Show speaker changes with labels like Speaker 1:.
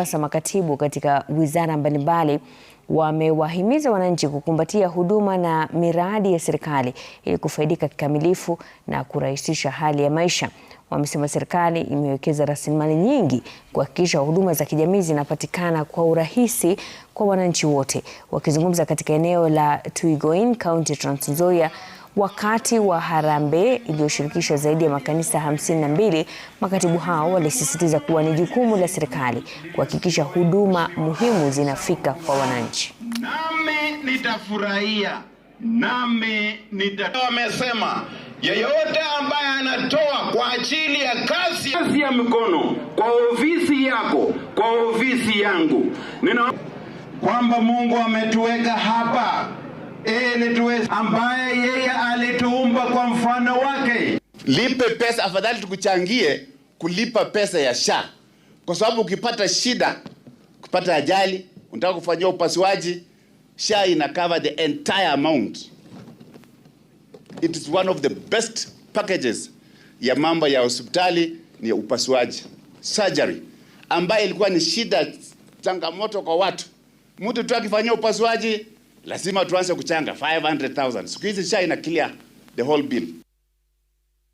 Speaker 1: sasa makatibu katika wizara mbalimbali wamewahimiza wananchi kukumbatia huduma na miradi ya serikali ili kufaidika kikamilifu na kurahisisha hali ya maisha. Wamesema serikali imewekeza rasilimali nyingi kuhakikisha huduma za kijamii zinapatikana kwa urahisi kwa wananchi wote. Wakizungumza katika eneo la Tuigoin, kaunti ya Trans Nzoia, Wakati wa harambee iliyoshirikisha zaidi ya makanisa 52, makatibu hao walisisitiza kuwa ni jukumu la serikali kuhakikisha huduma muhimu zinafika kwa wananchi.
Speaker 2: Nami nitafurahia, nami nita... wamesema yeyote ambaye anatoa kwa ajili ya kazi... kazi ya mikono kwa ofisi yako, kwa ofisi yangu, nina kwamba Mungu ametuweka hapa ili tuweze, ambaye yeye alituumba kwa mfano wake.
Speaker 3: Lipe pesa afadhali, tukuchangie kulipa pesa ya SHA, kwa sababu ukipata shida, kupata ajali, unataka kufanyia upasuaji, SHA ina cover the entire amount. It is one of the best packages ya mambo ya hospitali ni upasuaji surgery, ambayo ilikuwa ni shida, changamoto kwa watu, mtu tu akifanyia upasuaji lazima tuanze kuchanga 500,000. Siku hizi ina clear the whole bill.